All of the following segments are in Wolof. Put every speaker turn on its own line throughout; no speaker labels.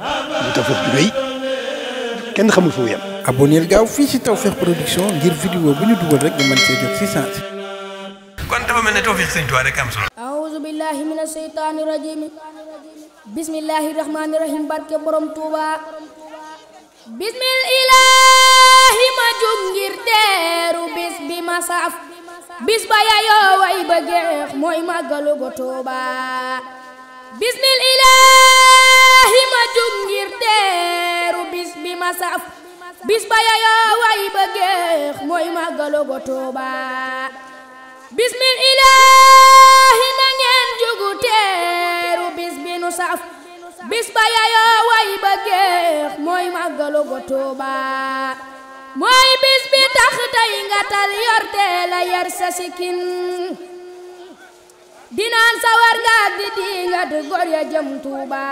muy Tawfekh ju rëy kenn xamul fu mu yem. gaaw fii ci Tawfekh Production ngir vidéo bu ñu dugal rek nga mën see jot si sens. bismillaahi rahmaani rahiim barke borom Touba. bismillaahi ma jug ngir teeru bis bi ma saaf bis ba yaayoo way ba mooy màggalu ba Touba. bismil ilaahi ma jug ngir teeru bis bi ma saf bis ba yayoo ba géex mooy màggalu go Tuuba bismil ilaahi na ngeen jugu teeru bis bi nu saf bis ba yayoo ba géex mooy màggalu go Tuuba mooy bis bi tax tey nga yor te la yar sa sikin dinaan sawar nga di dingat góor ya jëm Tuuba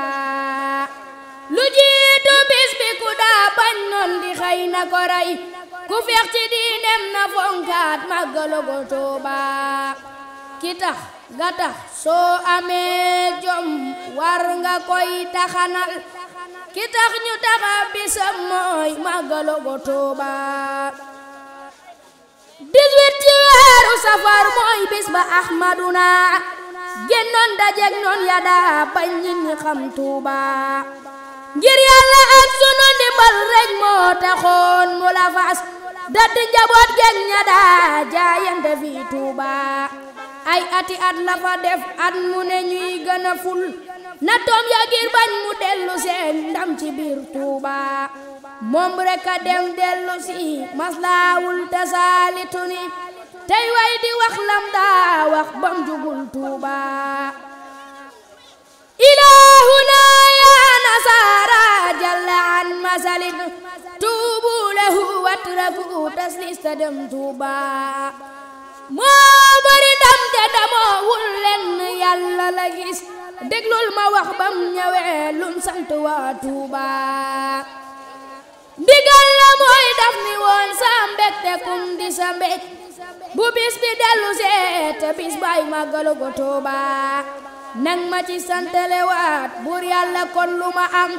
lu jiitu bis bi ku daa bañ noon li xëy na ko rey ku feex ci diineem na fonkaat màggalu ko Tuuba ki tax ga tax soo amee jom war koy taxanal ki tax ñu taxa bisam mooy màggalu ko Tuuba dix-huit ci weeru safar mooy bis ba ahmaduna génnoon dajeeg noon ya bañ ñi ñi xam tuuba ngir yàlla ak sunu ndimbal rek moo taxoon mu la fas dadd njaboot geeg ña jaayante fi tuuba ay ati at la fa def at mu ne ñuy gën a ful na toom ya ngir bañ mu dellu seen ndam ci biir tuuba moom rek a dem dellu si maslaawul te ni tey way di wax lam daa wax bam jugul tuuba ilaahuna yaa nasaara jalla an masalin tuubu lahu watraku taslis te dem tuuba moo bari ndam te damoowul lenn yàlla la gis déglul ma wax bam ñëwee lum sant waa tuuba ndigal la mooy daf ni woon sa mbég te kum di sa mbég bu bis bi dellu see te bis bay màggalu ko Tuuba nang ma ci santalewaat buur yàlla kon ma am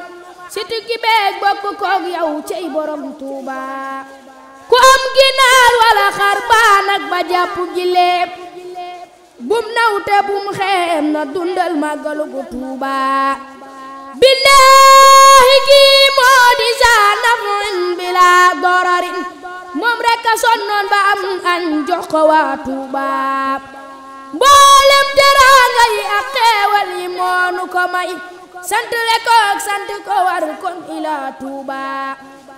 si tukki beeg bokk koog yow cey borom Tuuba ku am ginaar wala xar baa ba jàpp gi lépp bum naw te bum xeem na dundal màggalu ko Tuuba billaahi moo di janafin bila dororin moom rek a sonnoon ba am añ jox ko waa Tuubaa mboolem teraanga yi ak xeewal yi moonu ko may sant le sant ko war kon ila Tuubaa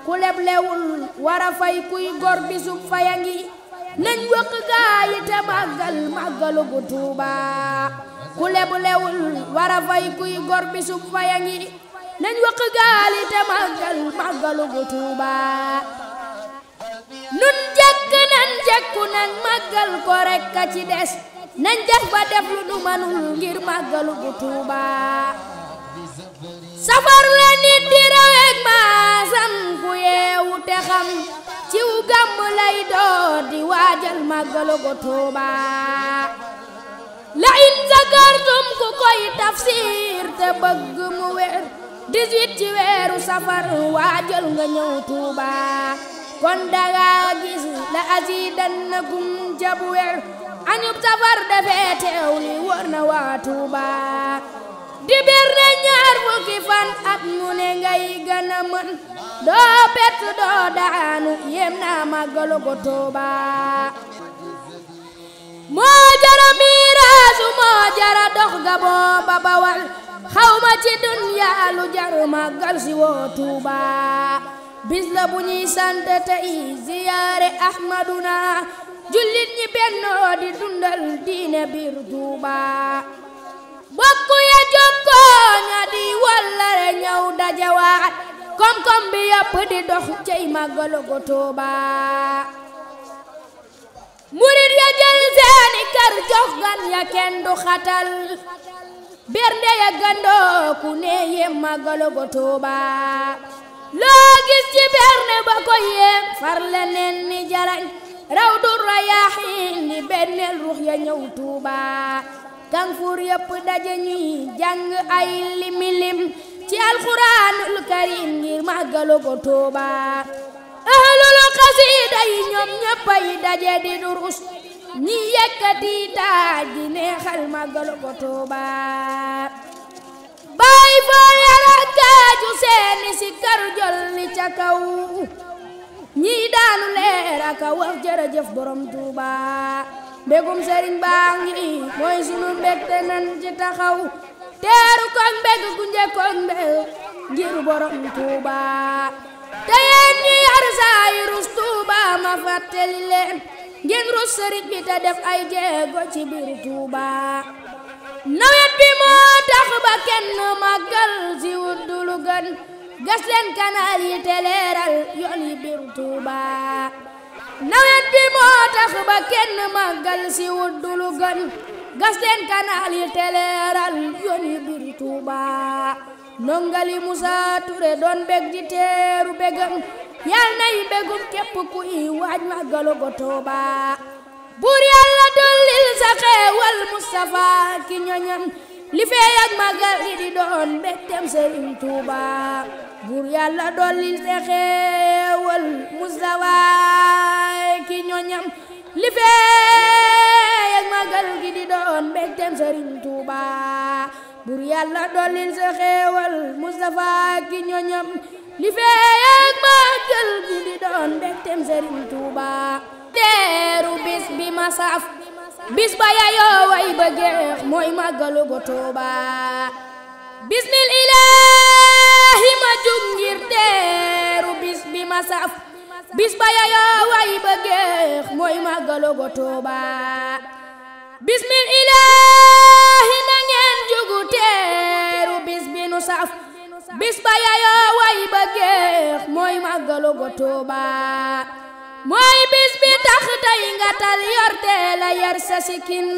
ku leblewul war fay kuy gor bisub faya ngi nañ wëkk te màggal màggalu bu ku leblewul war fay kuy gor bisub faya nañ wax gaali te màggal Tuuba nun jekk nañ jekku nañ màggal ko rekk a ci des nañ def ba def lu nu mënul ngir Tuuba safar la di raweeg maasam ku yeewu te xam ciw gàmm lay door waajal màggalu Tuuba la in zakartum 18 ci weeru safar waajal nga ñëw Tuuba kon danga gis la azidannakum jabu weer añub safar dafee teew li war na waa Tuuba di bir na ñaar fukki fan at mu ne ngay gën a mën doo pett doo daanu yem naa màggalu ko Tuuba moo jara miiraasu moo jara dox ga booba bawal xawma ci dunyaa jar màggal si woo Tuuba bis la bu ñuy sant tey ziyaare Ahmaduna jullit ñi bennoo di dundal diine biir Tuuba bokk ya jokkoo di wallare ñëw dajawaat koom bi yëpp di dox cey màggalu ko Tuuba murit ya jël seeni kër jox gan ya kenn du xatal bernde ya gandoo ne yem màggalu ko Tuuba loo gis ci berne ba ko yem far leneen ni jarañ raw du rayaaxin di benneel ruux ya ñëw Tuuba kanfuur yëpp daje ñuy jàng ay limilim ci alxuraanul karim ngir màggalu ko Tuuba ahlul xasiida yi ñoom ñëpp daje di durus ñi yëkkati taaj gi neexal màggalu ko Tuuba bay foo yara seeni si karu jol ca kaw ñi daanu leer aka wax jërëjëf borom Tuuba mbégum sëriñ baa ngi mooy sunu mbégte nan ci taxaw teeru ko mbég gu njëkkoon mbég ngir borom Tuuba te yéen ñi yar saa yi rus Tuuba leen ngeen rus sëriñ bi te def ay jéego ci biir Touba nawet bi moo tax ba kenn màggal si wut lu gën gas leen kanaal yi te yoon yi biir Touba nawet bi moo tax ba kenn màggal si wut lu gën gas leen kanaal yi te yoon yi biir Touba ndongali Moussa Touré doon bég di teeru bégam yal nay mbégum képp kuy waaj màggalu ko Tuuba buur yàlla dollil sa xéewal Mustafa ki ñoñam li feey ak màggal gi di doon mbégtem Sëriñ Tuuba buur yàlla dollil sa xéewal Mustafa ki ñoñam li feey ak màggal gi di doon mbégtem Sëriñ Tuuba buur yàlla dollil sa xéewal Mustafa ki ñoñam li feey ak màggal gi di doon mbégtem Serigne Touba teeru bis bi ma saf bis ba yayoo way ba mooy màggalu go Touba bismil ilaahi ma jug ngir teeru bis bi ma saf bis ba yayoo way ba mooy màggalu go Touba bismil ilaahi na ngeen jugu teeru bis bi nu saf bis ba yayoo way géex mooy màggalu ko Tuuba mooy bis bi tax tey nga tal yorte la yar sa sikkin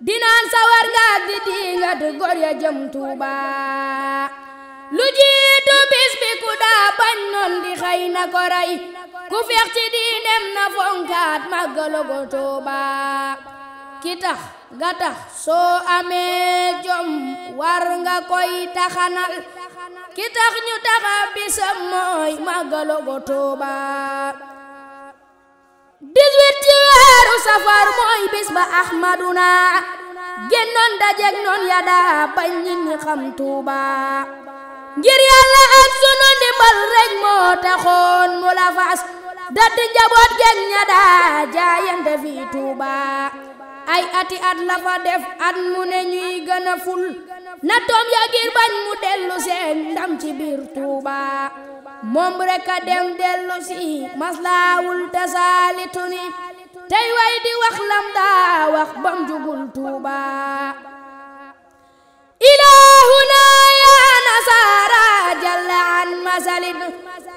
dinaan sawar nga di diingat góor ya jëm Tuuba lu jiitu bis bi ku daa bañ noon di xëy na ko rey ku feex ci diineem na fonkaat màggalu ko Tuuba ki tax ga soo amee jom war nga koy taxanal ki tax ñu taxa bisam mooy màggalo go Tuuba 18 ci weeru safar mooy bis ba Ahmaduna génnoon dajeeg noon ya daa bañ nit xam Tuuba ngir yàlla ak sunu ndimbal rek moo taxoon mu la fas dat njaboot geeg ña daa jaayante fii Tuuba ay ati at la fa def at mu ne ñuy gën a ful nattoom ya ngir bañ mu dellu seen ndam ci biir Tuuba moom rek a dem dellu si maslaawul te ni tey way di wax lam daa wax bam jugul Tuuba ilaahuna yaa nasaara jalla an masalin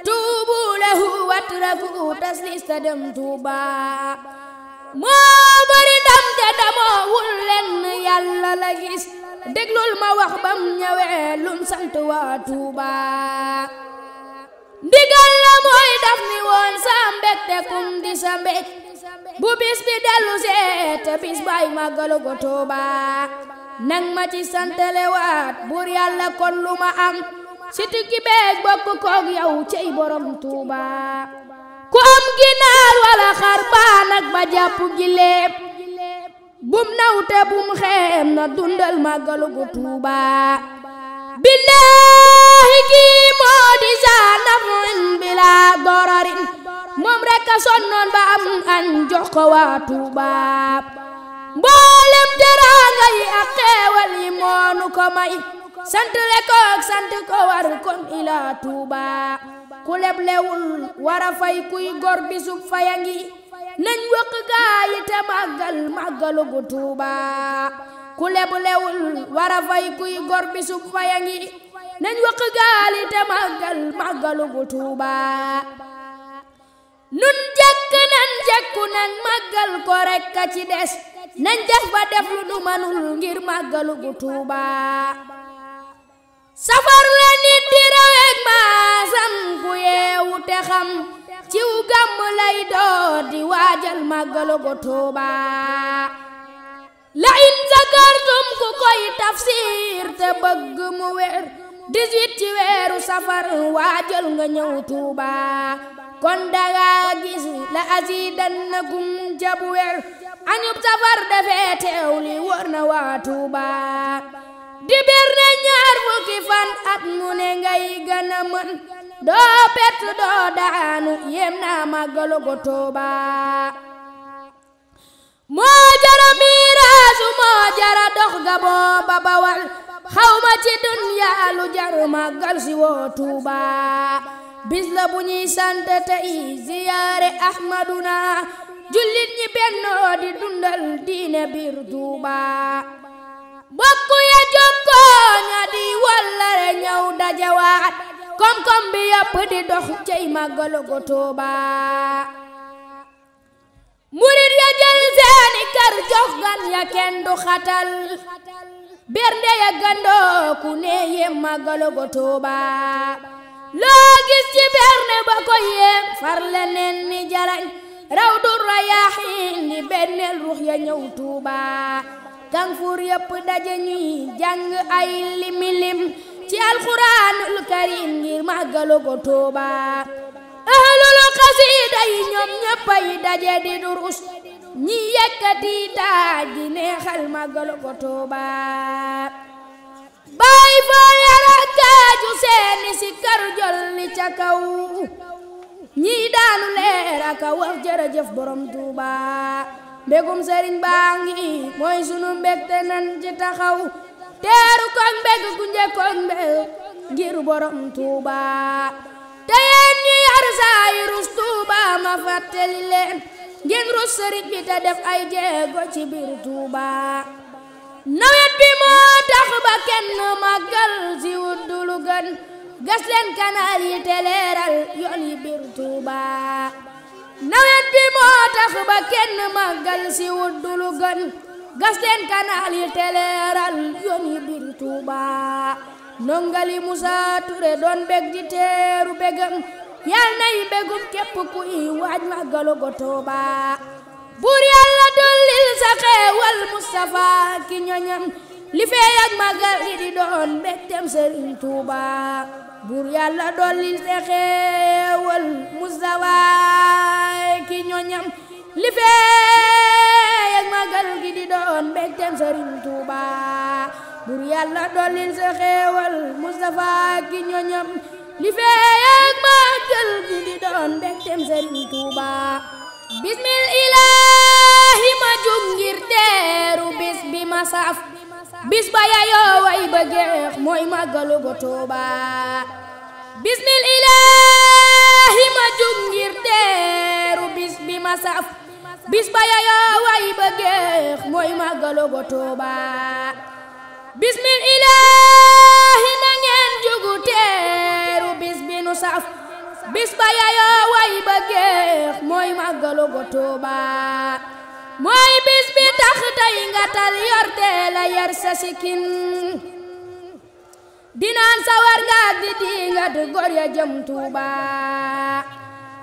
tuubu lahu watraku taslis ta dem Tuuba dam te damoo wul lenn yàlla la gis déglul ma wax bam ñëwee lum sant waa Tuuba ndigal la mooy daf ni woon sa mbég te kum di sa mbég bu bis bi dellu te bis bay màggalu ko Tuuba nang ma ci santalewaat buur yàlla kon ma am si tukki beeg bokk koog cey borom Tuuba ku am ginaar wala xar baa nag ma jàpp gi bum naw bum xeem na dundal màggalu gu Tuuba billaahi kii moo di saa nafin bila dororin moom rekk sonnoon ba am an jox ko waa Tuuba mboolem teraanga yi ak xeewal yi moonu ko may sant ko sant ko war kon ilaa Tuuba ku leblewul wara fay kuy gor bisub fayangi nañ wëq gaay yi te màggal màggalu gu Tuuba ku lebu lewul wara fay kuy gor bi sub faya ngi nañ wëq gaal yi te màggal màggalu gu Tuuba nun jekk nan jekku nan màggal ko rekk a ci des nañ def ba def lu nu manul ngir màggalu gu Tuuba safar nit di raweeg maasam ku yeewu te xam ciw gàmm lay door waajal màggalu ko la in zakartum ku koy tafsir te bëgg mu wér 18 ci weeru safar waajal nga ñëw Tuuba kon danga gis la azidannakum jab wér añub safar dafee teew li na waa Tuuba di bir na ñaar fukki fan at mu ne ngay gën mën doo perte doo daanu yem naa màggalu ko Tuuba miiraasu moo dox gaboo ba bawal xawma ci dunyaa lu jar si woo Tuuba bis bu ñuy sant tey ziyaare Ahmaduna jullit ñi bennoo dundal diine biir Tuuba bokku ya jokkoo ña di wallare ñaw dajawaat koom-koom bi yëpp di dox cey màggalu gu Tuuba murit ya jël seeni kër jox gan ya kenn du xatal bernde ya gandoo ne yem màggalu gu Tuuba loo gis ci berne ba ko yem far leneen ni jarañ raw du rayaaxin di benneel ruux ya ñëw Tuuba kanfuur yëpp daje ñuy jàng ay limilim ci alxuraanul karim ngir màggalu ko Tuuba ahlul xasiida yi ñoom ñëpp ay daje di durus ñi yëkkati di neexal màggalu ko Tuuba bay foo yara kaaju seeni si kar jolli ca kaw ñi daanu leer aka wax jërëjëf borom Tuuba mbégum sëriñ baa ngi mooy sunu mbégte nan ci taxaw teeru ko mbég gu njëkkoon mbég ngir borom Tuuba te yéen ñi yar saa yi rus Tuuba ma fàttali leen ngeen rus sëriñ te def ay jéego ci biir Tuuba nawet bi moo tax ba kenn màggal si wut lu gën gas leen kanaal yi te leeral yoon yi biir Tuuba nawet bi moo tax ba kenn màggal si wut lu gën gas leen kanaal yi te Tuuba ndongali Musaa Ture doon bég di teeru bégam yàlla nay bégum képp ku i waaj màggalu Tuuba buur yàlla dollil sa xeewal Mustafa ki ñoñam li feey ak màggal di doon mbégtem Sëriñ Tuuba buur yàlla dollil sa xeewal Mustafa ki ñoñam li feey bur yàlla dollil sa xéewal Moustapha ki ñoñam li feeyeek màggal gi di doon mbégtem Serigne Touba bismil ilaahi ma jug ngir teeru bis bi ma saf bis ba yayoo way ba geex mooy màggalu ko Touba bismil ilaahi ma jug ngir teeru bis bi ma saf bis ba yayoo way ba geex mooy màggalu ko Touba bismil ilaahi na jugu teeru bis nu saf bis yayoo way géex mooy màggalu ko Tuuba mooy bis bi nga tal yor tee la yar sa
dinaan sawar nga di
diingat góor ya jëm Tuuba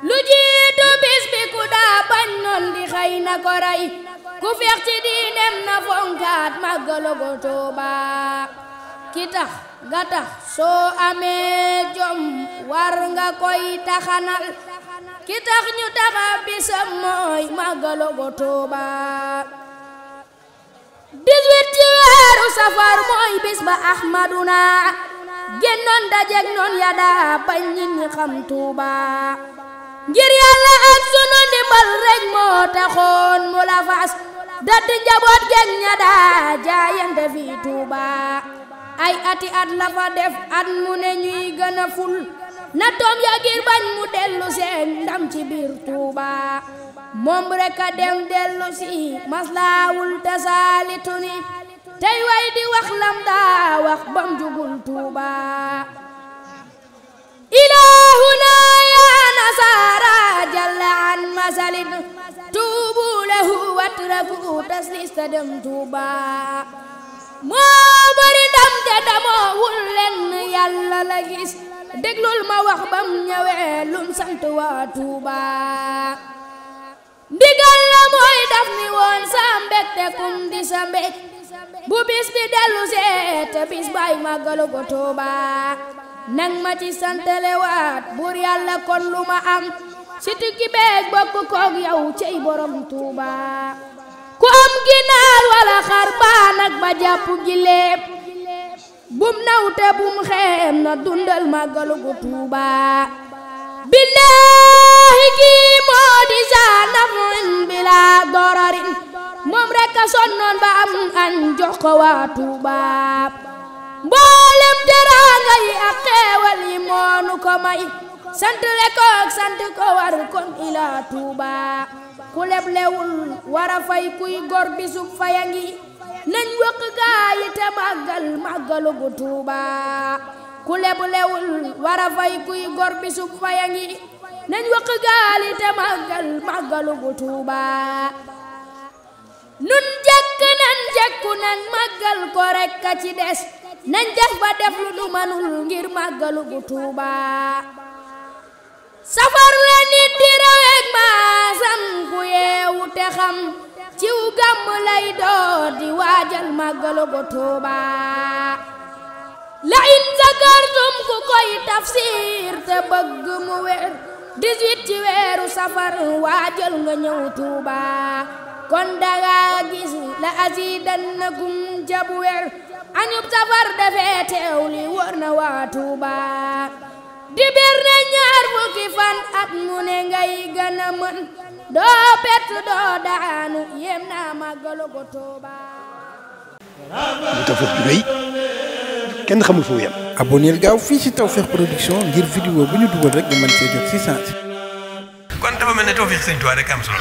lu jiitu bis ku daa bañ noon di xëy na ko rey ku feex ci diineem na fonkaat màggalu ko Tuuba ki tax ga tax soo amee jom war nga koy taxanal ki tax ñu taxa bisam mooy màggalu ko Tuuba 18 ci weeru safar mooy bis ba Ahmaduna génnoon dajeek noon ya daa bañ nit ñi xam Tuuba ngir yàlla ak sunu ndimbal rekk moo taxoon mu la fas dëdd njaboot geeg ña daa jaayante fi Tuuba ay ati at la fa def at mu ne ñuy gën ful na toom ya ngir bañ mu dellu seen ndam ci biir Tuuba moom rek a dem dellu si maslaawul tasaalitu ni tey way di wax lam daa wax bam jugul Tuuba lahu watraku taslis ta dem Tuuba moo bari ndam te damoo wul lenn yàlla la gis déglul ma wax bam ñëwee lum sant waa Tuuba ndigal la mooy daf ni woon sa mbég te kum di sa mbég bu bis bi dellu see te bis bay màggalu ko Tuuba nang ma ci santale waat buur yàlla kon lu ma am si tukki beeg bokk koog yow cey borom tuuba ku am ginaar wala xar baa ba jàpp gi lépp bum naw bum xeem na dundal màggalu gu tuuba billaahi kii moo di saa nafin bila dororin moom rek a sonnoon ba am an jox ko waa tuuba mboolem teraanga yi ak xeewal yi moonu ko may sant le ko ak sant ko war kon ila Tuuba ku leblewul wara fay kuy gor bisub faya ngi nañ wëq gaay te màggal màggalu gu Tuuba ku leblewul wara fay kuy gor bisub faya ngi nañ wëq gaal te màggal màggalu gu Tuuba nun jekk nan jekku nan màggal ko rekk a ci des nañ def ba def lu nu ngir màggalu gu Tuuba safar la nit di raweeg maasam ku yeewu te xam ciw gàmm lay door waajal màggalu ko la in zakartum ku koy tafsir te bëgg mu wér 18 ci weeru safar waajal nga ñëw Tuuba kon danga gis la azidannakum jabu weer añub safar dafee teew li wër na waa Tuuba di ber na ñaar fukki fan at mu ne ngay gën a mën doo pett doo daanu yem naa màggalu ko Tuuba mu Tawfekh ju kenn xamul fu yem abonneel gaaw fii ci Tawfekh Production ngir vidéo bu ñu dugal rek nga mën see jot si saa si kon dafa mel ne Tawfekh Sëriñ Tuuba rek am solo